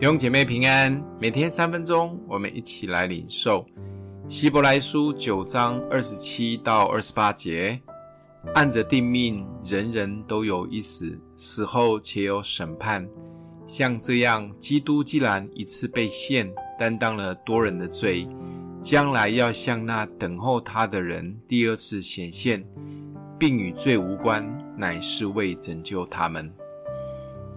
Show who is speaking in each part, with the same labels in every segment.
Speaker 1: 弟兄姐妹平安，每天三分鐘，我們一起來領受希伯來書九章二十七到二十八節。按着定命，人人都有一死，死後且有審判。像這樣，基督既然一次被獻，擔當了多人的罪，將來要向那等候他的人第二次顯現，並與罪無關，乃是為拯救他們。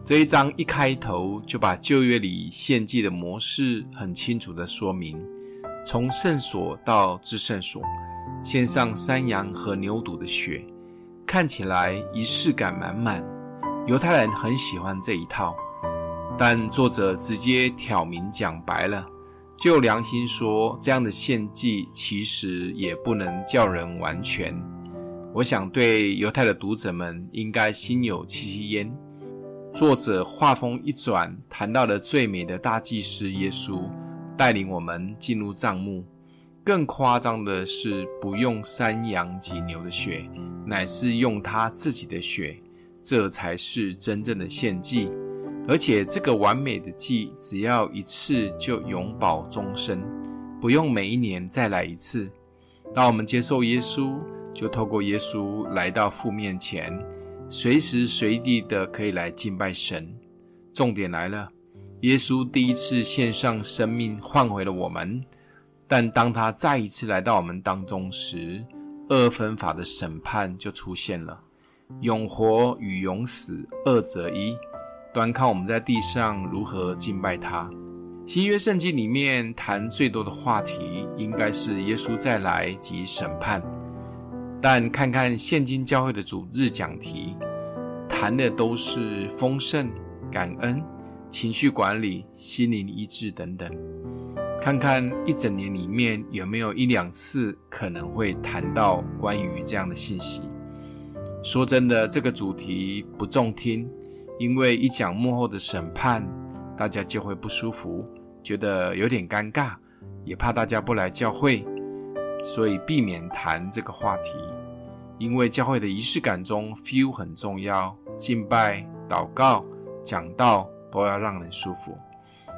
Speaker 1: 這一章一開頭就把舊約裡獻祭的模式很清楚的說明，從聖所到至聖所，獻上山羊和牛犢的血，看起來儀式感滿滿，猶太人很喜歡這一套。但作者直接挑明講白了，就良心說，這樣的獻祭其實也不能叫人完全。我想對猶太的讀者們應該心有戚戚焉。作者畫風一轉，談到了最美的大祭司耶穌帶領我們進入帳幕。更誇張的是，不用山羊及牛的血，乃是用他自己的血，這才是真正的獻祭。而且這個完美的祭，只要一次就永保終身，不用每一年再來一次。當我們接受耶穌，就透過耶穌來到父面前。隨時隨地的可以來敬拜神。重點來了，耶穌第一次獻上生命換回了我們，但當他再一次來到我們當中時，二分法的審判就出現了：永活與永死，二擇一，端看我們在地上如何敬拜他。新約聖經裡面談最多的話題，應該是耶穌再來及審判。但看看現今教會的主日講題，談的都是豐盛、感恩、情緒管理、心靈醫治等等。看看一整年裡面有沒有一兩次可能會談到關於這樣的信息。說真的，這個主題不中聽，因為一講末後的審判，大家就會不舒服，覺得有點尷尬，也怕大家不來教會。所以避免談這個話題，因為教會的儀式感中，feel 很重要，敬拜、禱告、講道都要讓人舒服。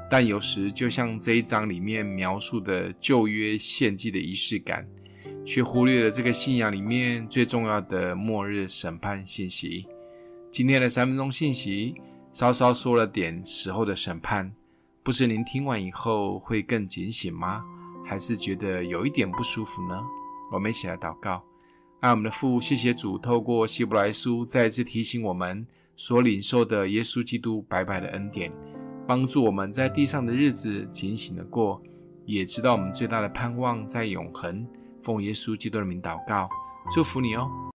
Speaker 1: 但有時就像這一章裡面描述的舊約獻祭的儀式感，卻忽略了這個信仰裡面最重要的末日審判信息。今天的三分鐘信息稍稍說了點死後的審判，不知您聽完以後會更警醒嗎？還是覺得有一點不舒服呢？我們一起來禱告，愛我們的父，謝謝主，透過希伯來書再一次提醒我們所領受的耶穌基督白白的恩典，幫助我們在地上的日子警醒的過，也知道我們最大的盼望在永恆。奉耶穌基督的名禱告，祝福你哦。